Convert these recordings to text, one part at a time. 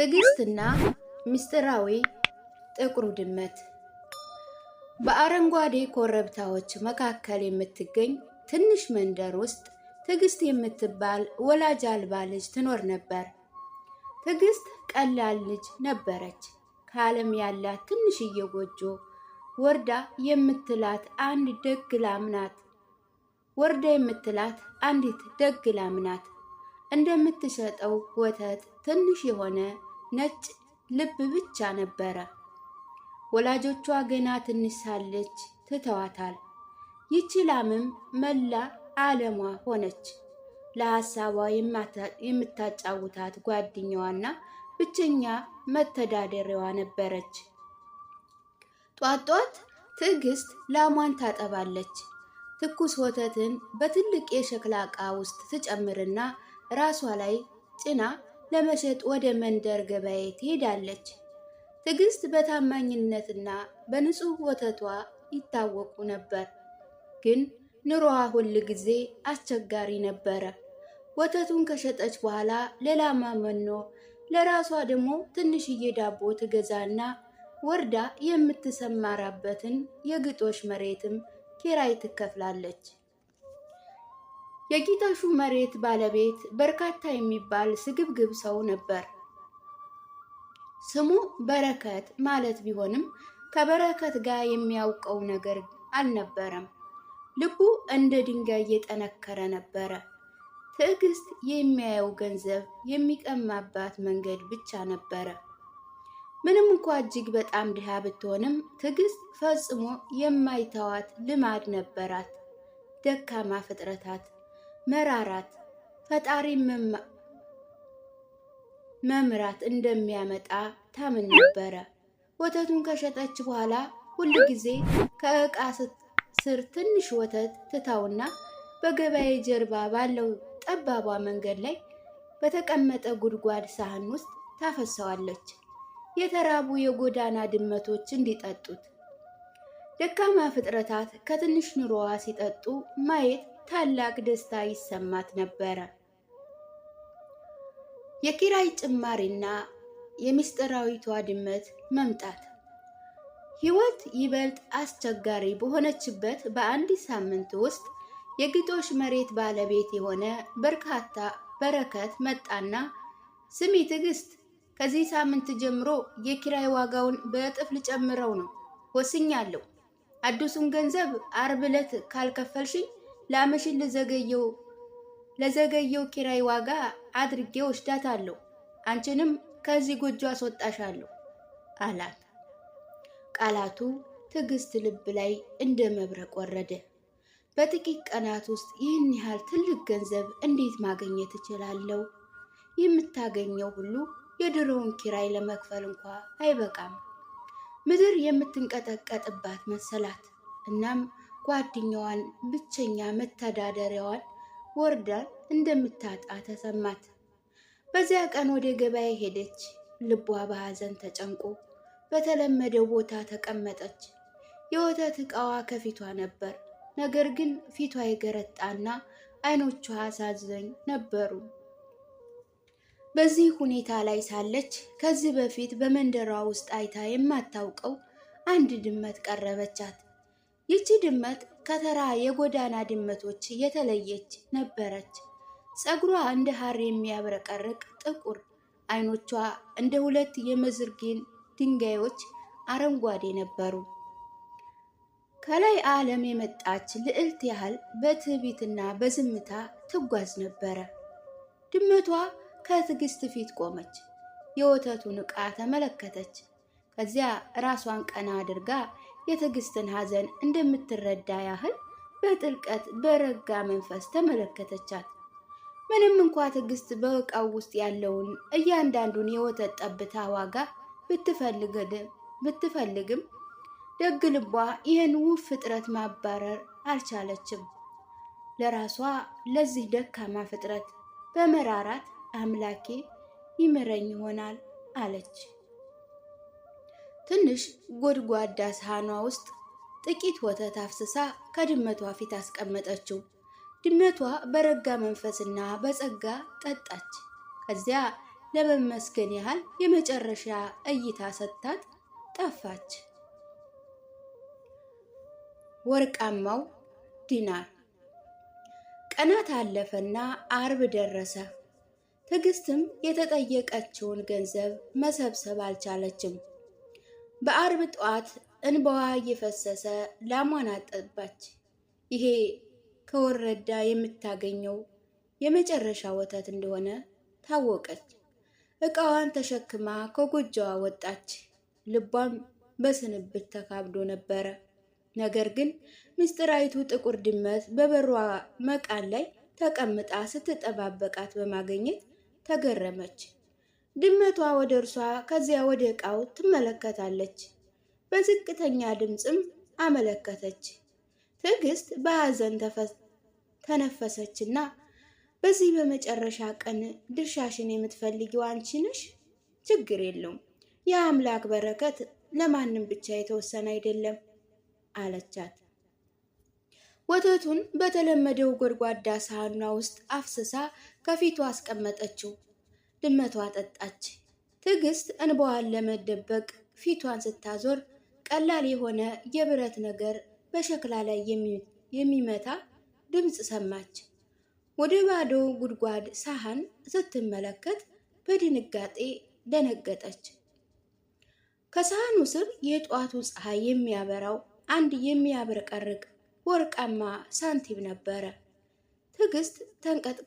ትዕግስትና ምስጢራዊ ጥቁሩ ድመት በአረንጓዴ ኮረብታዎች መካከል የምትገኝ ትንሽ መንደር ውስጥ ትዕግስት የምትባል ወላጅ አልባ ልጅ ትኖር ነበር። ትዕግስት ቀላል ልጅ ነበረች። ከዓለም ያላት ትንሽዬ ጎጆ ወርዳ የምትላት አንድ ደግ ላም ናት። ወርዳ የምትላት አንዲት ደግ ላም ናት። እንደምትሸጠው ወተት ትንሽ የሆነ ነጭ ልብ ብቻ ነበረ። ወላጆቿ ገና ትንሽ ሳለች ትተዋታል። ይቺ ላምም መላ ዓለሟ ሆነች። ለሐሳቧ የምታጫውታት ጓደኛዋና ብቸኛ መተዳደሪያዋ ነበረች። ጧት ጧት ትዕግስት ላሟን ታጠባለች። ትኩስ ወተትን በትልቅ የሸክላ ዕቃ ውስጥ ትጨምርና ራሷ ላይ ጭና ለመሸጥ ወደ መንደር ገበያ ትሄዳለች። ትዕግስት በታማኝነትና በንጹህ ወተቷ ይታወቁ ነበር። ግን ኑሮዋ ሁል ጊዜ አስቸጋሪ ነበረ። ወተቱን ከሸጠች በኋላ ለላማ መኖ፣ ለራሷ ደግሞ ትንሽዬ ዳቦ ትገዛና ወርዳ የምትሰማራበትን የግጦሽ መሬትም ኪራይ ትከፍላለች። የጌታሹ መሬት ባለቤት በርካታ የሚባል ስግብግብ ሰው ነበር። ስሙ በረከት ማለት ቢሆንም ከበረከት ጋር የሚያውቀው ነገር አልነበረም። ልቡ እንደ ድንጋይ እየጠነከረ ነበረ። ትዕግስት የሚያየው ገንዘብ የሚቀማባት መንገድ ብቻ ነበረ። ምንም እንኳ እጅግ በጣም ድሃ ብትሆንም ትዕግስት ፈጽሞ የማይተዋት ልማድ ነበራት። ደካማ ፍጥረታት መራራት ፈጣሪ መምራት እንደሚያመጣ ታምን ነበረ። ወተቱን ከሸጠች በኋላ ሁል ጊዜ ከእቃ ስር ትንሽ ወተት ትታውና በገበያ ጀርባ ባለው ጠባቧ መንገድ ላይ በተቀመጠ ጉድጓድ ሳህን ውስጥ ታፈሰዋለች፣ የተራቡ የጎዳና ድመቶች እንዲጠጡት። ደካማ ፍጥረታት ከትንሽ ኑሮዋ ሲጠጡ ማየት ታላቅ ደስታ ይሰማት ነበረ። የኪራይ ጭማሪና የምስጢራዊቷ ድመት መምጣት ህይወት ይበልጥ አስቸጋሪ በሆነችበት በአንድ ሳምንት ውስጥ የግጦሽ መሬት ባለቤት የሆነ በርካታ በረከት መጣና፣ ስሚ ትዕግስት፣ ከዚህ ሳምንት ጀምሮ የኪራይ ዋጋውን በእጥፍ ልጨምረው ነው ወስኛለሁ። አዲሱን ገንዘብ አርብ ዕለት ካልከፈልሽኝ ላመሽን ለዘገየው ለዘገየው ኪራይ ዋጋ አድርጌ ወስዳታለሁ፣ አንቺንም ከዚህ ጎጆ አስወጣሻለሁ አላት። ቃላቱ ትዕግስት ልብ ላይ እንደ መብረቅ ወረደ። በጥቂት ቀናት ውስጥ ይህን ያህል ትልቅ ገንዘብ እንዴት ማግኘት እችላለሁ? የምታገኘው ሁሉ የድሮውን ኪራይ ለመክፈል እንኳ አይበቃም። ምድር የምትንቀጠቀጥባት መሰላት። እናም ጓደኛዋን ብቸኛ መተዳደሪያዋን ወርዳን እንደምታጣ ተሰማት። በዚያ ቀን ወደ ገበያ ሄደች። ልቧ በሐዘን ተጨንቆ በተለመደው ቦታ ተቀመጠች። የወተት ዕቃዋ ከፊቷ ነበር። ነገር ግን ፊቷ የገረጣና አይኖቿ አሳዘኝ ነበሩ። በዚህ ሁኔታ ላይ ሳለች ከዚህ በፊት በመንደሯ ውስጥ አይታ የማታውቀው አንድ ድመት ቀረበቻት። ይቺ ድመት ከተራ የጎዳና ድመቶች የተለየች ነበረች። ፀጉሯ እንደ ሐር የሚያብረቀርቅ ጥቁር፣ አይኖቿ እንደ ሁለት የመዝርጌን ድንጋዮች አረንጓዴ ነበሩ። ከላይ ዓለም የመጣች ልዕልት ያህል በትዕቢትና በዝምታ ትጓዝ ነበረ። ድመቷ ከትዕግስት ፊት ቆመች። የወተቱን ዕቃ ተመለከተች። ከዚያ ራሷን ቀና አድርጋ የትዕግስትን ሐዘን እንደምትረዳ ያህል በጥልቀት በረጋ መንፈስ ተመለከተቻት። ምንም እንኳ ትዕግስት በእቃው ውስጥ ያለውን እያንዳንዱን የወተት ጠብታ ዋጋ ብትፈልግም ደግ ልቧ ይህን ውብ ፍጥረት ማባረር አልቻለችም። ለራሷ ለዚህ ደካማ ፍጥረት በመራራት አምላኬ ይምረኝ ይሆናል አለች። ትንሽ ጎድጓዳ ሳህኗ ውስጥ ጥቂት ወተት አፍስሳ ከድመቷ ፊት አስቀመጠችው። ድመቷ በረጋ መንፈስና በጸጋ ጠጣች። ከዚያ ለመመስገን ያህል የመጨረሻ እይታ ሰጥታት ጠፋች። ወርቃማው ዲናር ቀናት አለፈና አርብ ደረሰ። ትዕግስትም የተጠየቀችውን ገንዘብ መሰብሰብ አልቻለችም። በአርብ ጠዋት እንባዋ እየፈሰሰ ላሟን አጠባች። ይሄ ከወረዳ የምታገኘው የመጨረሻ ወተት እንደሆነ ታወቀች። እቃዋን ተሸክማ ከጎጆዋ ወጣች። ልቧም በስንብት ተካብዶ ነበረ። ነገር ግን ምስጢራዊቱ ጥቁር ድመት በበሯ መቃን ላይ ተቀምጣ ስትጠባበቃት በማግኘት ተገረመች። ድመቷ ወደ እርሷ ከዚያ ወደ ዕቃው ትመለከታለች። በዝቅተኛ ድምፅም አመለከተች። ትዕግስት በሐዘን ተነፈሰችና በዚህ በመጨረሻ ቀን ድርሻሽን የምትፈልጊው አንቺ ነሽ። ችግር የለውም፣ የአምላክ በረከት ለማንም ብቻ የተወሰነ አይደለም አለቻት። ወተቱን በተለመደው ጎድጓዳ ሳህኗ ውስጥ አፍስሳ ከፊቱ አስቀመጠችው። ድመቷ ጠጣች። ትዕግስት እንባዋን ለመደበቅ ፊቷን ስታዞር ቀላል የሆነ የብረት ነገር በሸክላ ላይ የሚመታ ድምፅ ሰማች። ወደ ባዶ ጉድጓድ ሳህን ስትመለከት በድንጋጤ ደነገጠች። ከሳህኑ ስር የጧቱ ፀሐይ የሚያበራው አንድ የሚያብረቀርቅ ወርቃማ ሳንቲም ነበረ። ትዕግስት ተንቀጥቅ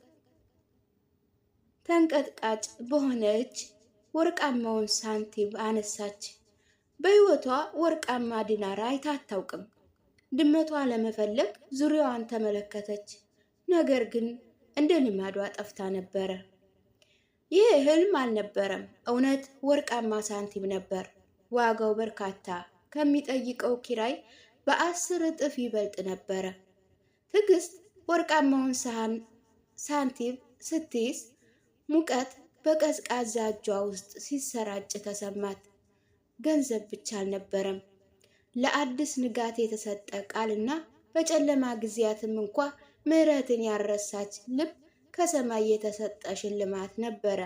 ተንቀጥቃጭ በሆነች ወርቃማውን ሳንቲም አነሳች። በሕይወቷ ወርቃማ ዲናር አይታ አታውቅም። ድመቷ ለመፈለግ ዙሪያዋን ተመለከተች፣ ነገር ግን እንደ ልማዷ ጠፍታ ነበረ። ይህ ህልም አልነበረም፣ እውነት ወርቃማ ሳንቲም ነበር። ዋጋው በርካታ ከሚጠይቀው ኪራይ በአስር እጥፍ ይበልጥ ነበረ። ትዕግስት ወርቃማውን ሳንቲም ስትይዝ ሙቀት በቀዝቃዛ እጇ ውስጥ ሲሰራጭ ተሰማት። ገንዘብ ብቻ አልነበረም፣ ለአዲስ ንጋት የተሰጠ ቃልና በጨለማ ጊዜያትም እንኳ ምሕረትን ያረሳች ልብ ከሰማይ የተሰጠ ሽልማት ነበረ።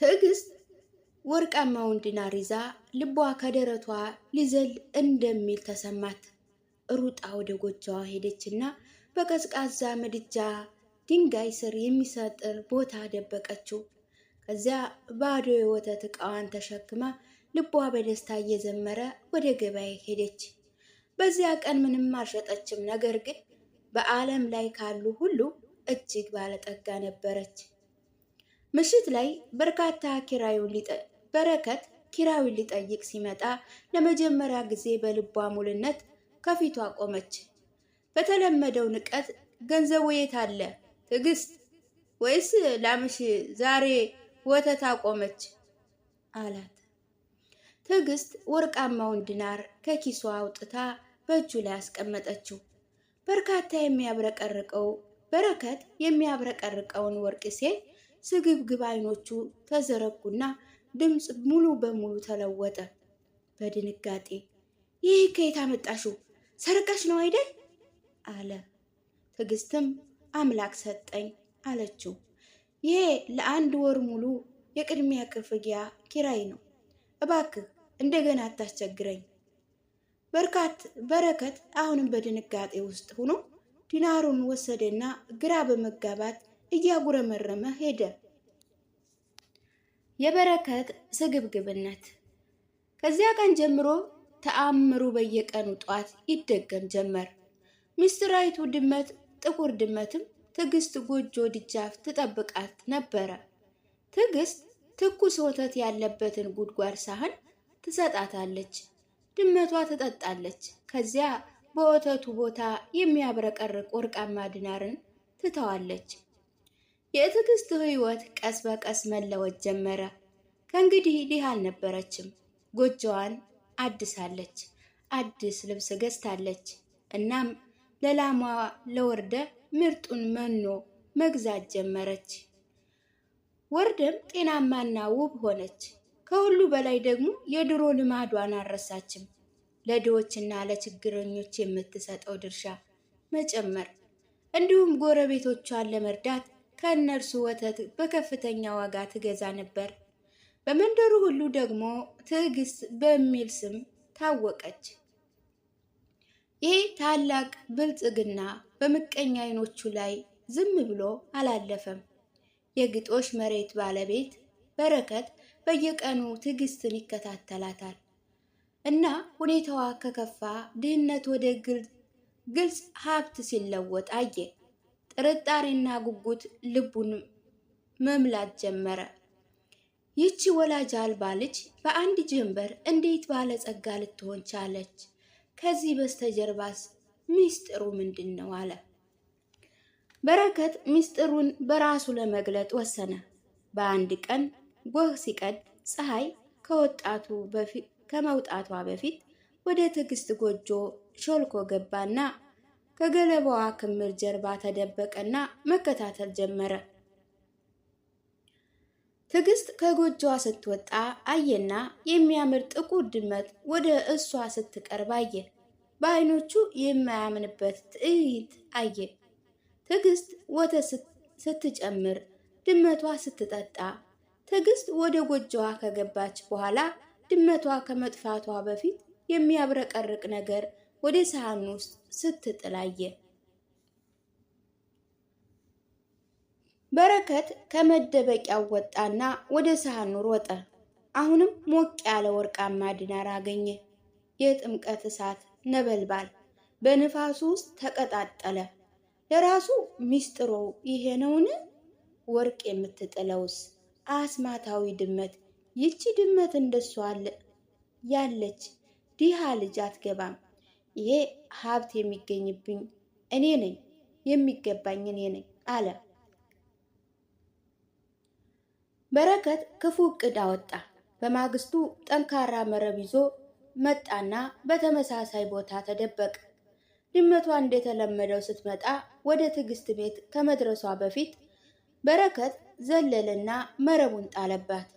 ትዕግስት ወርቃማውን ዲናር ይዛ ልቧ ከደረቷ ሊዘል እንደሚል ተሰማት። ሩጣ ወደ ጎጆዋ ሄደችና በቀዝቃዛ ምድጃ ድንጋይ ስር የሚሰጥር ቦታ ደበቀችው። ከዚያ ባዶ የወተት እቃዋን ተሸክማ ልቧ በደስታ እየዘመረ ወደ ገበያ ሄደች። በዚያ ቀን ምንም አልሸጠችም። ነገር ግን በዓለም ላይ ካሉ ሁሉ እጅግ ባለጠጋ ነበረች። ምሽት ላይ በርካታ ኪራዩን በረከት ኪራዩን ሊጠይቅ ሲመጣ ለመጀመሪያ ጊዜ በልቧ ሙልነት ከፊቷ ቆመች። በተለመደው ንቀት ገንዘቡ የት አለ ትዕግስት ወይስ ላምሽ ዛሬ ወተት አቆመች አላት። ትዕግስት ወርቃማውን ዲናር ከኪሷ አውጥታ በእጁ ላይ አስቀመጠችው። በርካታ የሚያብረቀርቀው በረከት የሚያብረቀርቀውን ወርቅ ሴ ስግብግብ አይኖቹ ተዘረጉና ድምፅ ሙሉ በሙሉ ተለወጠ በድንጋጤ ይህ ከየት አመጣሽው? ሰርቀሽ ነው አይደል? አለ ትዕግስትም አምላክ ሰጠኝ አለችው። ይሄ ለአንድ ወር ሙሉ የቅድሚያ ክፍያ ኪራይ ነው። እባክህ እንደገና አታስቸግረኝ። በርካት በረከት አሁንም በድንጋጤ ውስጥ ሆኖ ዲናሩን ወሰደና ግራ በመጋባት እያጉረመረመ ሄደ። የበረከት ስግብግብነት ከዚያ ቀን ጀምሮ ተአምሩ በየቀኑ ጧት ይደገም ጀመር። ምስጢራዊቱ ድመት ጥቁር ድመትም ትዕግስት ጎጆ ድጃፍ ትጠብቃት ነበረ። ትዕግስት ትኩስ ወተት ያለበትን ጉድጓድ ሳህን ትሰጣታለች። ድመቷ ትጠጣለች። ከዚያ በወተቱ ቦታ የሚያብረቀርቅ ወርቃማ ዲናርን ትተዋለች። የትዕግስት ሕይወት ቀስ በቀስ መለወጥ ጀመረ። ከእንግዲህ ድሃ አልነበረችም። ጎጆዋን አድሳለች። አዲስ ልብስ ገዝታለች። እናም ለላሟ ለወርደ ምርጡን መኖ መግዛት ጀመረች። ወርደም ጤናማና ውብ ሆነች። ከሁሉ በላይ ደግሞ የድሮ ልማዷን አረሳችም ለድሆችና ለችግረኞች የምትሰጠው ድርሻ መጨመር እንዲሁም ጎረቤቶቿን ለመርዳት ከእነርሱ ወተት በከፍተኛ ዋጋ ትገዛ ነበር። በመንደሩ ሁሉ ደግሞ ትዕግስት በሚል ስም ታወቀች። ይህ ታላቅ ብልጽግና በምቀኛ አይኖቹ ላይ ዝም ብሎ አላለፈም። የግጦሽ መሬት ባለቤት በረከት በየቀኑ ትዕግስትን ይከታተላታል እና ሁኔታዋ ከከፋ ድህነት ወደ ግልጽ ሀብት ሲለወጥ አየ። ጥርጣሬና ጉጉት ልቡን መምላት ጀመረ። ይቺ ወላጅ አልባ ልጅ በአንድ ጀንበር እንዴት ባለጸጋ ልትሆን ቻለች? ከዚህ በስተጀርባስ ሚስጥሩ ምንድን ነው? አለ። በረከት ሚስጥሩን በራሱ ለመግለጥ ወሰነ። በአንድ ቀን ጎህ ሲቀድ ፀሐይ ከወጣቱ በፊት ከመውጣቷ በፊት ወደ ትዕግስት ጎጆ ሾልኮ ገባና ከገለባዋ ክምር ጀርባ ተደበቀና መከታተል ጀመረ። ትዕግስት ከጎጆዋ ስትወጣ አየና የሚያምር ጥቁር ድመት ወደ እሷ ስትቀርብ አየ። በአይኖቹ የማያምንበት ትዕይንት አየ። ትዕግስት ወተት ስትጨምር፣ ድመቷ ስትጠጣ። ትዕግስት ወደ ጎጆዋ ከገባች በኋላ ድመቷ ከመጥፋቷ በፊት የሚያብረቀርቅ ነገር ወደ ሳህን ውስጥ ስትጥል አየ። በረከት ከመደበቂያው ወጣና ወደ ሳህኑ ሮጠ። አሁንም ሞቅ ያለ ወርቃማ ዲናር አገኘ። የጥምቀት እሳት ነበልባል በንፋሱ ውስጥ ተቀጣጠለ። ለራሱ ሚስጥሮ ይሄ ነውን? ወርቅ የምትጥለውስ አስማታዊ ድመት። ይቺ ድመት እንደሷ አለ ያለች ዲሃ ልጅ አትገባም። ይሄ ሀብት የሚገኝብኝ እኔ ነኝ፣ የሚገባኝ እኔ ነኝ አለ። በረከት ክፉ እቅድ አወጣ። በማግስቱ ጠንካራ መረብ ይዞ መጣና በተመሳሳይ ቦታ ተደበቀ። ድመቷ እንደተለመደው ስትመጣ ወደ ትዕግስት ቤት ከመድረሷ በፊት በረከት ዘለለና መረቡን ጣለባት።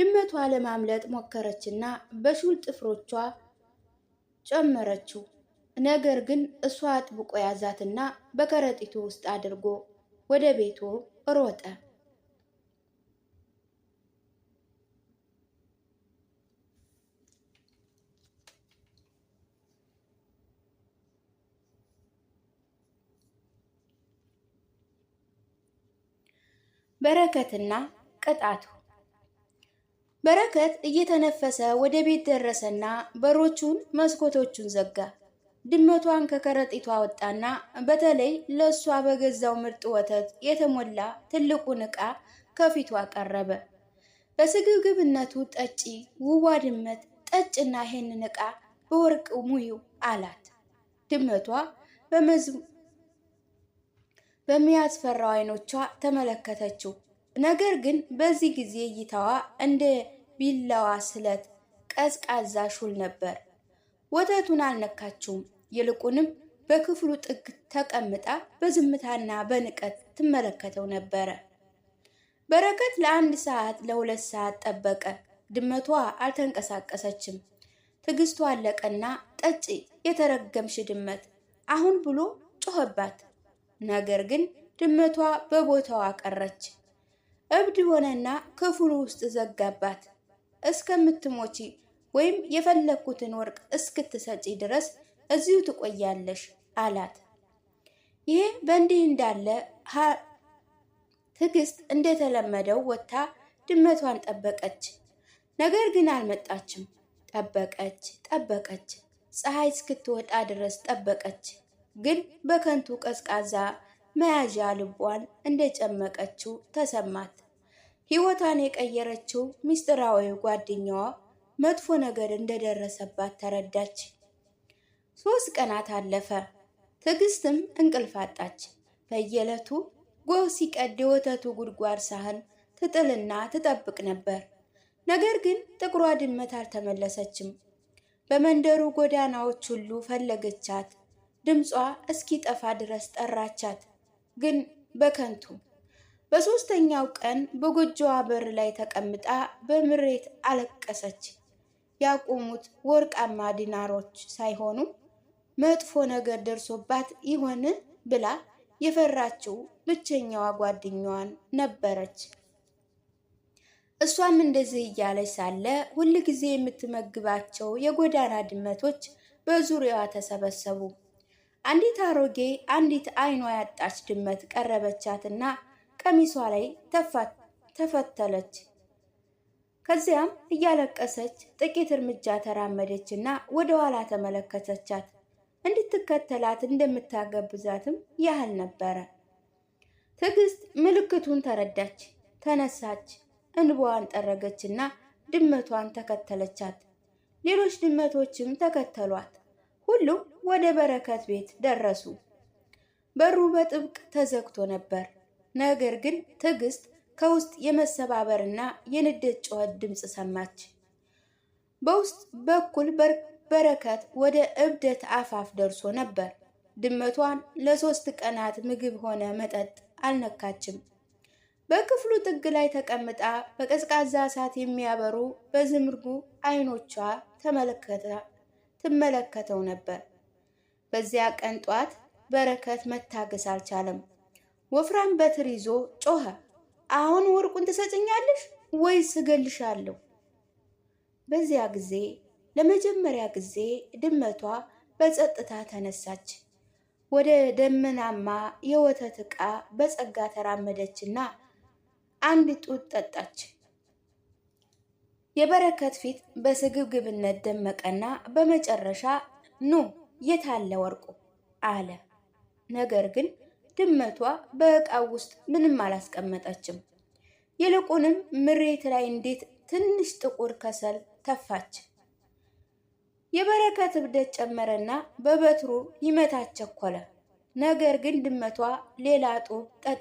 ድመቷ ለማምለጥ ሞከረችና በሹል ጥፍሮቿ ጨመረችው። ነገር ግን እሷ አጥብቆ ያዛትና በከረጢቱ ውስጥ አድርጎ ወደ ቤቱ ሮጠ። በረከትና ቅጣቱ በረከት እየተነፈሰ ወደ ቤት ደረሰና በሮቹን መስኮቶቹን ዘጋ። ድመቷን ከከረጢቷ ወጣና በተለይ ለእሷ በገዛው ምርጥ ወተት የተሞላ ትልቁን ዕቃ ከፊቱ አቀረበ። በስግብግብነቱ ጠጪ ውቧ ድመት ጠጭና ይሄንን ዕቃ በወርቅ ሙዩ አላት። ድመቷ በሚያስፈራው አይኖቿ ተመለከተችው። ነገር ግን በዚህ ጊዜ እይታዋ እንደ ቢላዋ ስለት ቀዝቃዛ ሹል ነበር። ወተቱን አልነካችውም። ይልቁንም በክፍሉ ጥግ ተቀምጣ በዝምታና በንቀት ትመለከተው ነበረ። በረከት ለአንድ ሰዓት ለሁለት ሰዓት ጠበቀ። ድመቷ አልተንቀሳቀሰችም። ትዕግስቱ አለቀና ጠጪ የተረገምሽ ድመት አሁን ብሎ ጮኸባት። ነገር ግን ድመቷ በቦታዋ ቀረች። እብድ ሆነና ክፍሉ ውስጥ ዘጋባት። እስከምትሞቺ ወይም የፈለግኩትን ወርቅ እስክትሰጪ ድረስ እዚሁ ትቆያለሽ አላት። ይህ በእንዲህ እንዳለ ትዕግስት እንደተለመደው ወጥታ ድመቷን ጠበቀች። ነገር ግን አልመጣችም። ጠበቀች ጠበቀች፣ ፀሐይ እስክትወጣ ድረስ ጠበቀች። ግን በከንቱ ቀዝቃዛ መያዣ ልቧን እንደጨመቀችው ተሰማት። ሕይወቷን የቀየረችው ምስጢራዊ ጓደኛዋ መጥፎ ነገር እንደደረሰባት ተረዳች። ሶስት ቀናት አለፈ። ትዕግስትም እንቅልፍ አጣች። በየዕለቱ ጎህ ሲቀድ የወተቱ ጉድጓድ ሳህን ትጥልና ትጠብቅ ነበር። ነገር ግን ጥቁሯ ድመት አልተመለሰችም። በመንደሩ ጎዳናዎች ሁሉ ፈለገቻት። ድምጿ እስኪጠፋ ድረስ ጠራቻት፣ ግን በከንቱ። በሦስተኛው ቀን በጎጆዋ በር ላይ ተቀምጣ በምሬት አለቀሰች። ያቆሙት ወርቃማ ዲናሮች ሳይሆኑ መጥፎ ነገር ደርሶባት ይሆን ብላ የፈራችው ብቸኛዋ ጓደኛዋን ነበረች። እሷም እንደዚህ እያለች ሳለ ሁልጊዜ የምትመግባቸው የጎዳና ድመቶች በዙሪያዋ ተሰበሰቡ። አንዲት አሮጌ አንዲት አይኗ ያጣች ድመት ቀረበቻትና ቀሚሷ ላይ ተፈተለች። ከዚያም እያለቀሰች ጥቂት እርምጃ ተራመደችና ወደ ኋላ ተመለከተቻት። እንድትከተላት እንደምታገብዛትም ያህል ነበረ። ትዕግስት ምልክቱን ተረዳች። ተነሳች፣ እንባዋን ጠረገችና ድመቷን ተከተለቻት። ሌሎች ድመቶችም ተከተሏት። ሁሉም ወደ በረከት ቤት ደረሱ። በሩ በጥብቅ ተዘግቶ ነበር። ነገር ግን ትዕግስት ከውስጥ የመሰባበርና የንዴት ጩኸት ድምፅ ሰማች። በውስጥ በኩል በረከት ወደ እብደት አፋፍ ደርሶ ነበር። ድመቷን ለሶስት ቀናት ምግብ ሆነ መጠጥ አልነካችም። በክፍሉ ጥግ ላይ ተቀምጣ በቀዝቃዛ እሳት የሚያበሩ በዝምርጉ አይኖቿ ተመለከታ ትመለከተው ነበር። በዚያ ቀን ጧት በረከት መታገስ አልቻለም። ወፍራም በትር ይዞ ጮኸ። አሁን ወርቁን ትሰጭኛለሽ ወይስ እገልሻለሁ? በዚያ ጊዜ ለመጀመሪያ ጊዜ ድመቷ በጸጥታ ተነሳች። ወደ ደመናማ የወተት ዕቃ በጸጋ ተራመደችና አንድ ጡት ጠጣች። የበረከት ፊት በስግብግብነት ደመቀና በመጨረሻ ኑ የት አለ ወርቁ አለ። ነገር ግን ድመቷ በእቃው ውስጥ ምንም አላስቀመጠችም። ይልቁንም ምሬት ላይ እንዴት ትንሽ ጥቁር ከሰል ተፋች። የበረከት እብደት ጨመረና በበትሩ ይመታ ቸኮለ። ነገር ግን ድመቷ ሌላ ጡብ